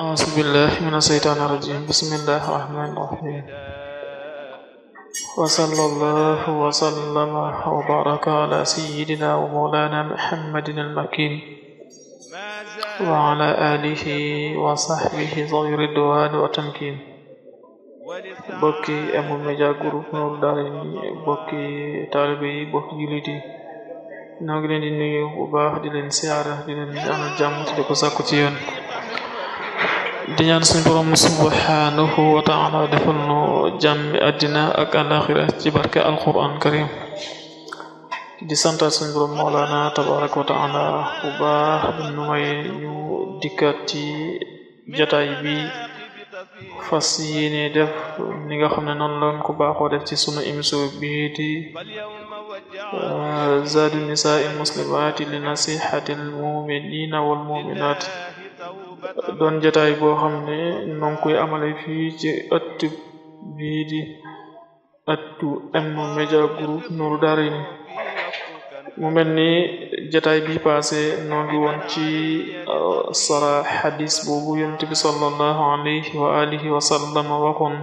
أعوذ بالله من الشيطان الرجيم بسم الله الرحمن الرحيم وصلى الله وسلم وبارك على سيدنا ومولانا محمد المكين وعلى آله وصحبه ظهير الدوان وتمكين bokki M-Media Group Nour Daarayni bokki taalibe yi bokki jullit yi ñoo ngi leen di nuyu bu baax di leen siyaara di leen ñaanal jàmm te di ko sàkku ci yéen di ñaan suñ borom subhanahu wa taala defal nu àddina ak alaxira ci barke alquran karim di santaat suñ borom moolaana tabaraka wa taala baax nu may ñu ci jataay bi fas yéene def ni nga xam ne noonu lañ ko baaxoo def ci sunu émission bii di euh, nisaa il muslimaati li nasihati al muminina doon jataay boo xam ne non koy amale fii ci ëtt bii di ëttu M-Media Group Nourou Darayni mu mel ni jataay bi passé noo ngi ci euh, sara xadis boobu yonent bi sallallahu alayhi wa alihi wa sallam waxoon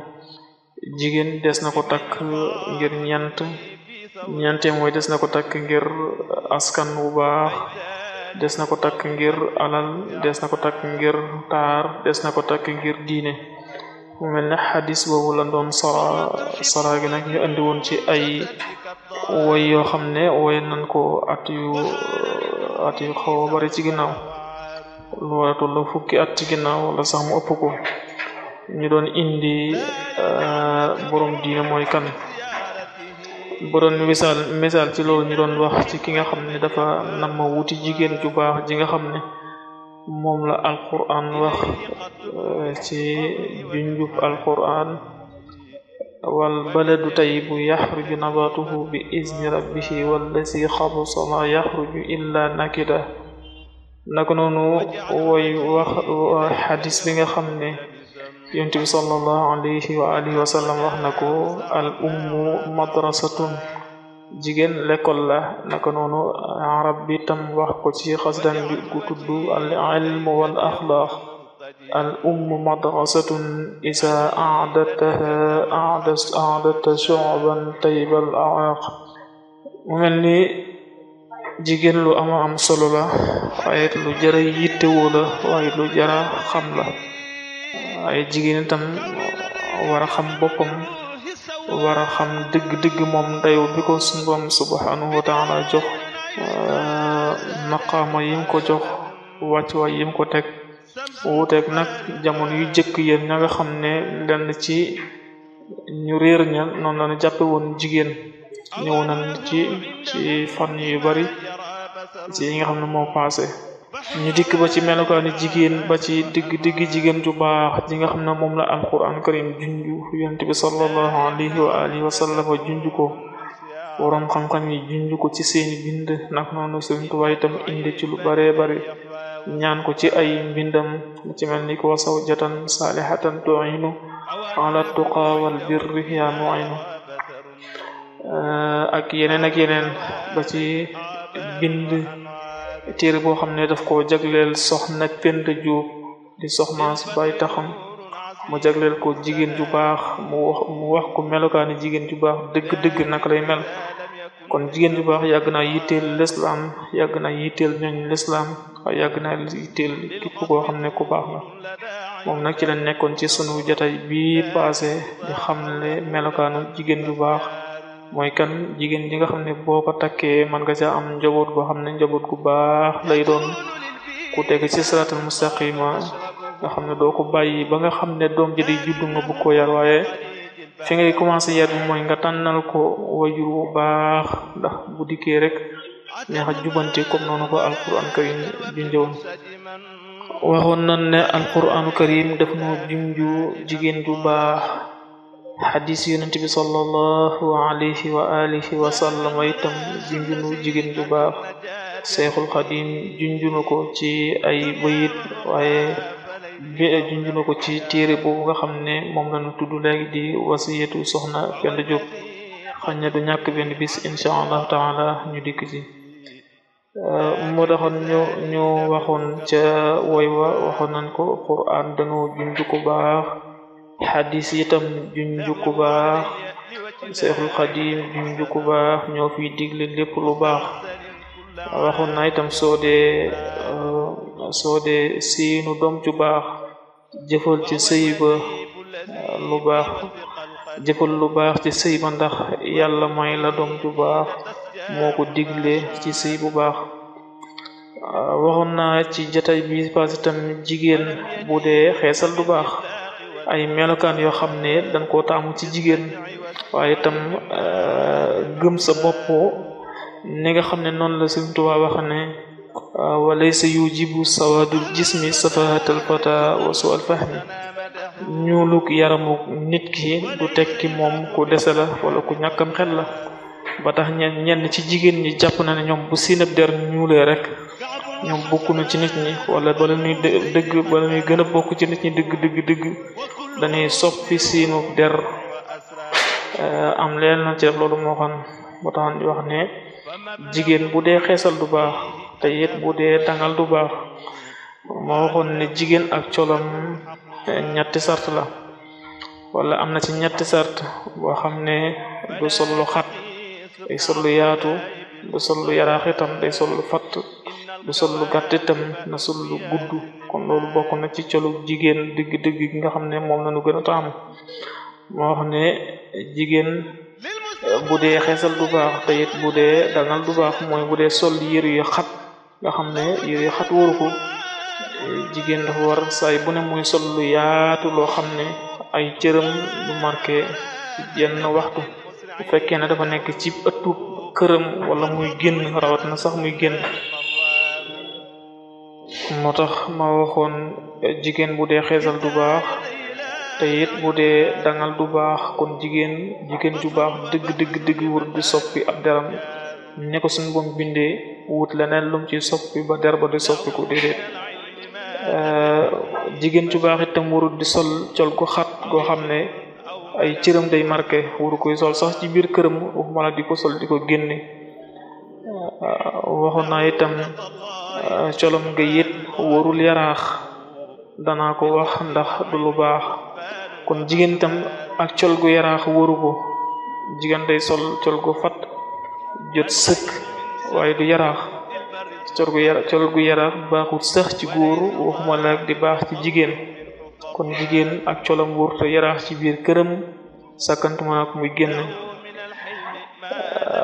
des na ko takk ngir ñant ñante mooy des na ko takk ngir askan wu baax des na ko takk ngir alal des na ko takk ngir taar des na ko takk ngir diine mu mel ne xadis boobu la doon sara sara gi nag ñu andi ci ay woy yoo xam ne woy nan ko at yu at yu xaw a bari ci ginnaaw lu a toll fukki at ci ginnaaw wala sax mu ëpp ko ñu doon indi euh, borom diine mooy kan bu doon misaal misaal ci loolu ñu doon wax ci ki nga xam ne dafa nam wuti jigéen ju baax ji nga xam ne moom la alquran wax euh, ci junjub alquran wal baladu tayyibu yaxruju nabatuhu bi izni rabbihi wallazi xabusa la yaxruju illa nakida naka noonu woy wax xadis bi nga xam ne yonent bi sallallahu alayhi wa alihi wax na ko al ummu madrasatun jigéen l'école la naka noonu arab bi tam wax ko ci xasdan bi gu tudd al ilmu wal axlaaq al ummu madrasatun isa aadataha aadat aadata shu'ban mu mel ni jigéen lu ama am solo la waaye lu jara yittewoo la waaye lu jara xam la ay jigéen itam war a xam boppam war a xam dëgg-dëgg moom dayo bi ko suñu borom subhanahu wa taala jox euh, maqaama yim ko jox wàccuwaay yim ko teg wuuteeg nag jamono yu jëkk yéen ña nga xam ne lenn ci ñu réer ña noonu lañu jàppe jigéen ñëw ci ci fànn yu bari ci yi nga xam ne moom passé ñu dikk ba ci melokaani jigéen ba ci digg digg jigéen ju baax ji nga xam ne moom la alquran karim junju yonent bi sallallahu wa alihi wa sallam junju ko waroom xam-xam yi junju ko ci seeni bind nag noonu Sëriñ Tuubaa itam indi ci lu baree bari ñaan ko ci ay mbindam ci mel ni ko wasaw jatan saalihatan tu'inu ala tuqa wal birri ya mu'inu ak yeneen ak yeneen ba ci bind téere boo xam ne daf ko jagleel soxna Penda Diop di soxnaas bay taxam mu jagleel ko jigéen ju baax mu wax mu wax ko melokaani jigéen ju baax dëgg-dëgg naka lay mel kon jigéen ju baax yàgg naa yitteel lislaam yàgg naa yitteel ñooñ lislaam waaye yàgg naa yitteel koo xam ne ku baax la moom nag ci lañ nekkoon ci sunu jotaay bi passé di xam ne melokaanu jigéen ju baax mooy kan jigéen ji nga xam ne boo ko takkee man nga ca am njaboot goo xam ne njaboot gu baax lay doon ku teg ci siraatal mustaqima nga xam ne doo ko bàyyi ba nga xam ne doom ji di juddu nga bëgg koo yar waaye fi ngay commencé yar bi mooy nga tànnal ko wajur bu baax ndax bu dikkee rek neex a jubante comme noonu ko alquran karim junjëwoon waxoon nan ne alquran karim def junju jigéen ju baax xadis yonent bi sallallahu alayhi wa alihi wa sallam itam junjunu jigéen bu baax seexul xadim junjunu ko ci ay bayit waaye bi junjunu ko ci téere boobu nga xam ne moom lañu tudd léegi di wasiyatu soxna Penda Diop xañ na du ñàkk benn bis incha allah taala ñu dikk ci moo taxoon ñu waxoon ca woy wa waxoon nañ ko quran dañu junj ko baax xadis itam juñ jukku baax seexul xadim juñ jukku baax ñoo fi digle lépp lu baax waxoon na itam soo dee euh, soo dee siinu doom ju baax jëfal ci sëy lu baax jëfal lu baax ci sëy ndax yàlla may la doom ju baax moo ko digle ci sëy bu baax euh, waxoon naa ci jata bi paas itam jigéen bu dee xeesal du baax ay melokaan yoo xam ne dañ koo taamu ci jigéen waaye itam euh, gëm sa bopp ni nga xam ne noonu la Sëriñ Tuubaa wax ne euh, walaysa yujibu sawadul jismi safahatal fata wa su al fahmi ñuuluk yaramu nit ki du tekki moom ku dese la wala ku ñàkkam xel la ba tax ñeen ñenn ci jigéen ñi jàpp na ne ñoom bu sinab der ñuulee rek ñoom bokkuñu ci nit ñi wala bala ñuy dëgg bala ñuy gën a bokk ci nit ñi digg dëgg dëgg dañuy fi siinu der euh, am leen na ci def loolu moo xam moo tax di wax jigéen bu dee xeesal du baax te it bu dee tangal du baax moo waxoon ne jigéen ak colam eh, ñetti sart la wala am na ci ñetti sart boo xam ne du sol lu xat day sol yaatu du sol lu yaraax itam day sol lu bu sol lu gàtt itam na sol lu gudd kon loolu bokk na ci colu jigéen digg dëgg gi nga xam ne moom la ñu gën a taamu moo xam ne jigéen euh, bu dee xeesal du baax te it bu dee dangal du baax mooy bu dee sol yëre yu xat nga xam ne yëre yu xat waru ko jigéen dafa war saay bu ne mooy sol lu yaatu loo xam ne ay cëram du marqué yenn waxtu fekkee ne dafa nekk ci ëttu këram wala muy génn rawat na sax muy génn moo tax ma waxoon eh, jigéen bu dee xeesal du baax te it bu dee dangal du baax kon jigéen jigéen ju baax digg digg dëgg wër di soppi ab deram ne ko suñu boom bindee wut leneen lum ci soppi ba der ba di soppi ku déedéet eh, jigéen ju baax itam warut di sol col gu xat goo xam ne ay cëram day marqué waru koy sol sax ci biir këram waxuma la di ko sol di ko génne eh, waxoon naa itam colom nga yét warul yaraax danaa ko wax ndax du lu baax kon jigéen tam ak col gu yaraax waru ko jigéen sol col fat jot sëkk waaye du yaraax col gu yaraax col gu yaraax baaxul sax ci góor waxuma laag di baax ci jigéen kon jigéen ak colam wurte yaraax ci biir këram sàkkantuma ak muy génn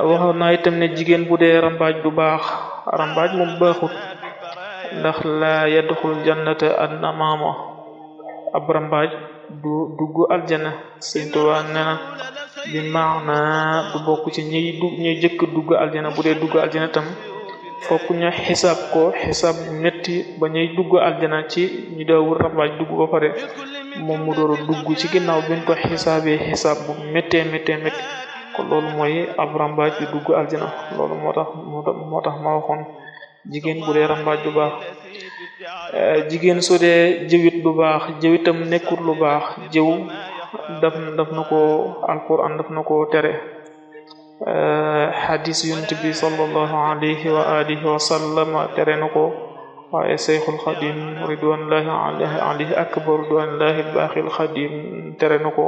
waxoon naa itam ne jigéen bu dee rambaaj du baax rambaaj moom baaxut ndax laa yadxul jannata ad namaamo ab rambaaj du dugg aljana sëñ Tuubaa nee na bi maana du bokk ci ñiy jëkk dugg aljana bu dee dugg aljana tam fokk ñu xisaab ko xisaab metti ba ñuy dugg aljana ci ñu daawul ba pare moom mu door dugg ci ginnaaw biñ ko xisaabee xisaab bu méttee méttee métti kon loolu mooy ab rambaaj du dugg aljana loolu moo tax moo tax ma waxoon jigéen bu dee rambaaj bu baax eh, jigéen su jiwit jëwit bu baax jiwitam nekkul lu baax jiw daf daf na ko alquran daf na ko tere eh, xadis yunt bi sallallahu alayhi wa alihi wa sallama tere na ko waaye seyxul xadim ridwanullahi alayhi akbar ridwanullahi baaxil xadim tere na ko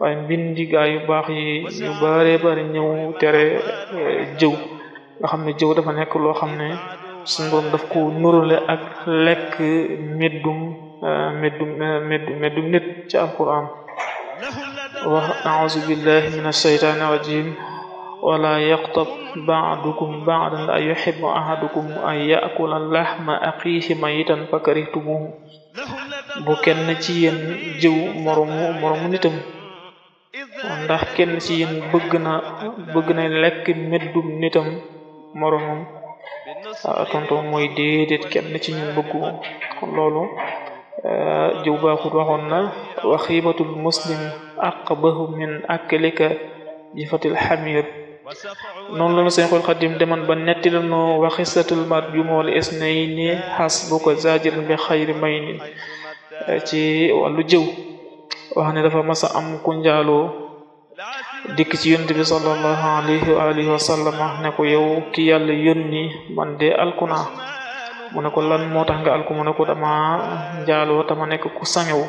waaye mbindi gaa yu baax yi yu bare bare ñëw tere eh, jiw nga xam ne jiw dafa nekk loo xam ne suñu borom daf ko nurule ak lekk meddum euh, euh, meddum nit ci alquran wax auzu billahi min ashaytani rajim wala yaqtab ba'dukum ba'dan la yuhibbu ahadukum an ya'kula lahma axiihi mayitan fakarihtumuhu bu kenn ci yéen jëw moromu moromu nitam ndax kenn ci yéen bëgg na lekk meddum nitam moromam tonto mooy déedéet kenn ci ñun bëggu kon loolu euh, jiw baaxut waxoon na wa xiibatul muslim aqbahu min aklika jifatil xamir noonu lanu seen xol xadim deman ba netti lanu wa xisatul marjum wal isnayni xasbuka zajiran bi xayri maynin ci wàllu jëw wax ne dafa masa am ku njaaloo dikk ci yonent bi sallallahu alayhi wa alihi wa sallam ne ko yow ki yàlla yónni man de alkuna mu ne lan moo tax nga alku mu ne ko dama njaaloo tama nekk ku sangewu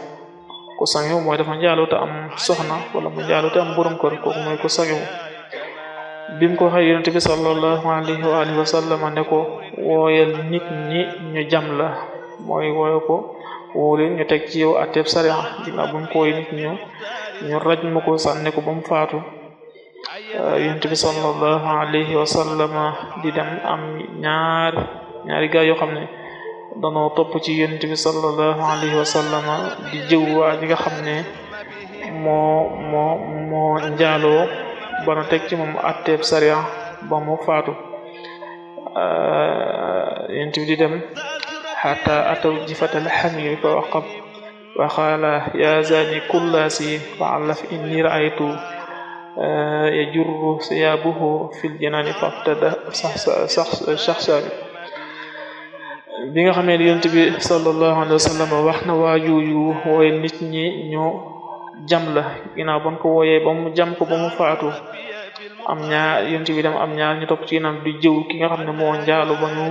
ku sangewu mooy dafa njaaloo ta am soxna wala mu njaaloo te am borom kër kooku mooy ku sangewu bim ko waxee yonent bi sallallahu alayhi wa alihi wa sallam ne ko wooyal nit ñi ñu jam la mooy wooyo ko woo ñu teg ci yow atteb sariya ginnaaw buñ koy nit ñu ñu raj mu ko sànni ko ba mu faatu yonent bi sallallahu alayhi wa di dem am ñaar ñaari gaa yoo xam ne danoo topp ci yonent bi sallallahu alayhi wa di jëw waa ji nga xam ne moo moo moo njaaloo bana teg ci moom atteeb sariya ba mu faatu yonent di dem xata ataw jifatal xamir fa waqab وقال يا زاني كل سي فعلف إني رأيت يجر ثيابه في الجنان فابتدى شخصا bi nga xamee ne yonent bi sallallahu alayhi wa sallam wax na waajooju wooye nit ñi ñoo jam la ginnaaw ban ko wooyee ba mu jam ko ba mu faatu am ñaar yonent bi dem am ñaar ñu topp ci ginnaaw di jëw ki nga xam ne moo njaalu ba ñu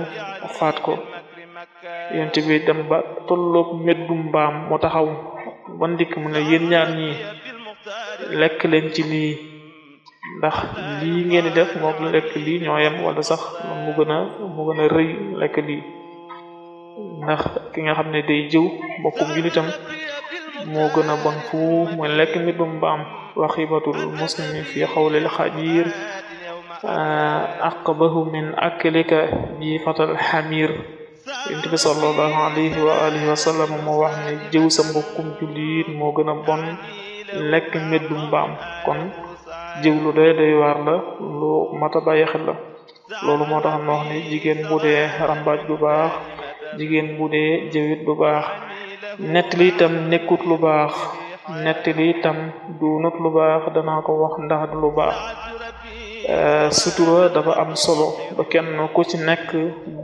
faat ko yonent bi dem ba tolloog meddu mbaam mu taxaw ba ndikk mu ne yéen ñaar ñi lekk leen ci lii ndax lii ngeen di def moom la lekk lii ñoo yem wala sax mu gën a mu gën rëy lekk lii ndax ki nga xam ne day jëw mbokkum julitam moo gën a bon fu mooy lekk mbidum mbaam wa xibatul muslimi fi xawlil xajiir aqbahu min aklika jiifatal xamir yonent bi sallallahu alayhi wa alihi wa sallam moo wax ne jëw sa mbokkum jullit moo gën a bon lekk meddum mbaam kon jëw lu day war la lu mata bàyyi xel la loolu moo tax ma wax ne jigéen bu dee rambaaj bu baax jigéen bu dee jëwit bu baax nettali itam nekkut lu baax nettali itam duunut lu baax danaa ko wax ndax lu baax Euh, sutura dafa am solo ba kenn ku ci nekk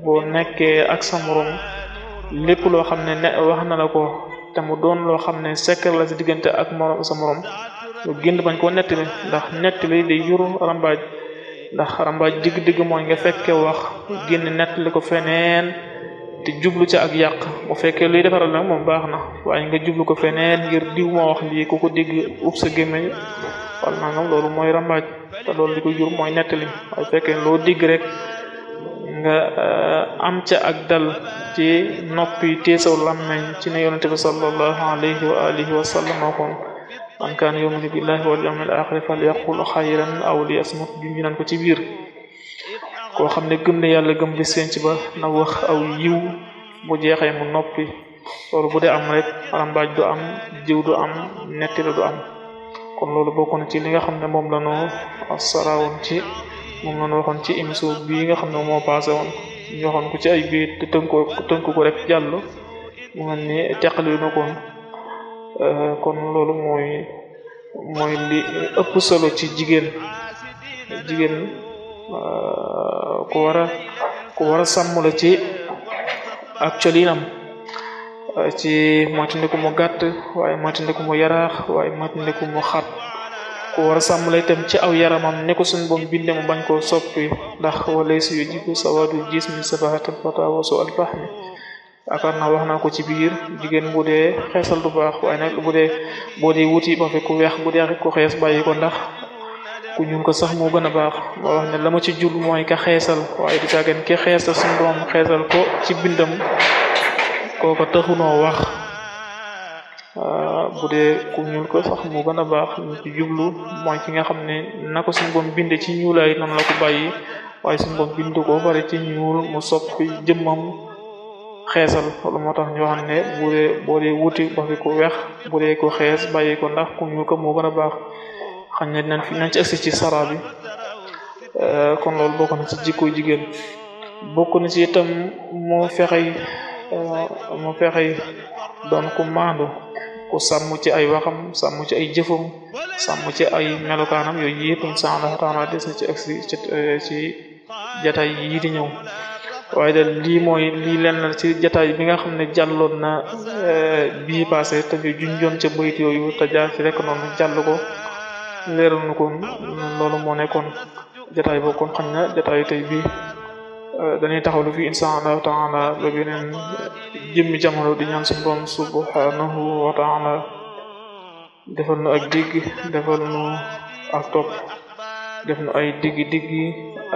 boo nekkee ak sa moroom lépp loo xam ne ne wax na la ko te mu doon loo xam ne secret la si diggante ak morom sa morom lu génn bañ koo nettali ndax nettali di jur rambaaj ndax rambaaj digg-digg mooy nga fekke wax génn nettali ko feneen te jublu ca ak yàq bu fekkee luy defaral nag moom baax na waaye nga jublu ko feneen ngir diw moo wax lii ku ko dégg ub sa gémmeñ wala nangam loolu mooy rambaaj te loolu li ko jur mooy nettali waaye fekkee loo digg rek nga euh, am ca ag dal ci noppi teesaw làmmeñ ci ne yonente bi sallallahu alayhi wa alihi wa xayran aw liyasmut bi ñu ko ci biir koo xam ne gëm ne yàlla gëm bi ci ba na wax aw yiw bu jeexee mu noppi loolu bu dee am rek rambaaj du am jiw du am nettali am kon loolu bokk na ci li nga xam ne moom la ñu asaraawoon ci moom la ñu waxoon ci émission bii nga xam ne moo passé woon ñu waxoon ko ci ay biit te tënkoo ko rek jàll mu mel ni teqali na ko euh, kon loolu mooy mooy li ëpp solo ci jigéen jigéen euh, ku war a war a sàmm ci ak colinam ci moytandiku mu gàtt waaye moytandiku mu yaraax waaye moytandiku mu xat ku war a sàmm la itam ci aw yaramam ne ko suñ boom binde mu bañ koo soppi ndax walay si yu jigu sawadul akar na wax naa ko ci biir jigéen bu dee xeesal du baax waaye nag bu dee boo dee wuti ba fi ku weex bu dee ku xees bàyyi ko ndax ku ñuul ko sax moo gën a baax ma wax ne ma ci jul mooy ka xeesal waaye du caagen ki xeesal suñ boom xeesal ko ci bindam kooka taxunoo wax ah, bu dee ku ñuul ko sax mu gën a baax ñu ci jublu mooy ki nga xam ne na ko suñu boom ci ñuulay noonu la ko bàyyi waaye suñu boom ko pare ci ñuul mu soppi jëmmam xeesal loolu moo tax ñu wax ne bu dee wuti ba fi ku weex bu dee ko xees bàyyi ko ndax ku ñuul ko moo a baax xam ne dinañ fi nañ ci agsi ci sara bi ah, kon na ci jikko jigéen bokk na ci itam moo fexey mu fexe doon ku maandu ku sàmm ci ay waxam sàmm ci ay jëfam sàmm ci ay melokaanam yooyu yëpp insha Allah taala des na ci agsi ci ci jataay yii di ñëw waaye daal lii mooy lii leen na ci jataay bi nga xam ne jàlloon na eh, bii passé te ñu junjoon ca bayit yu te jaar ci rek noonu jàll ko leeral na ko loolu moo nekkoon jataay boobu kon xam na jataayu tey bii Euh, dañuy taxawlu fii insha allah taala ba beneen jëmmi jamono di ñaan suñu borom subhanahu defal nu ak digg defal nu ak topp def nu ay digg diggi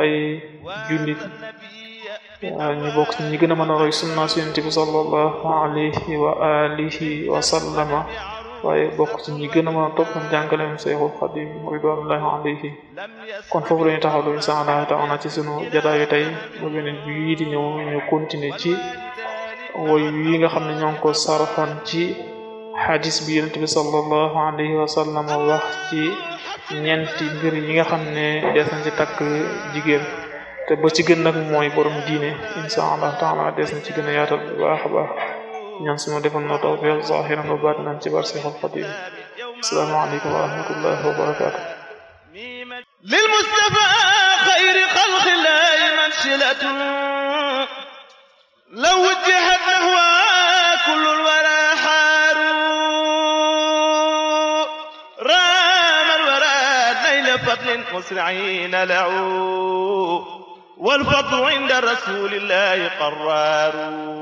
ay jullit ñu bokk ñi gën a mën a roy sunna si yonent bi sallallahu alayhi wa alihi wa sallama waaye bokk ci ñi gën a man a topp jàngaleem Seexul Xadim ridwanullahi alayhi kon foofu lañu taxaw lu saa Allah ta'ala ci sunu jataayu tey ba beneen bii di ñëw ñu continuer ci woy yi nga xam ne ñoo ngi ko sarxoon ci xadis bi yonent bi sallallahu alayhi wa sallam wax ci ñeenti mbir yi nga xam ne des na ci takk jigéen te ba ci gën nag mooy borom diine insha Allah ta'ala des na ci gën a yaatal bu baax ñaan suñu defoon na tawfiq zahiran wa batinan ci bar Seexul Xadiim assalaamu aleykum wa rahmatullahi wa barakaatuh lil Mustafa xayri xalqi laahi mansilatun law wujjihat nahwa kullul wara xaaru raamal wara nayla fadlin musriina lahu wal fadlu inda rasulillahi qaraaru